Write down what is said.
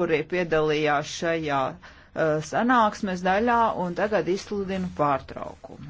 kuri piedalījās šajā uh, sanāksmes daļā, un tagad izsludinu pārtraukumu.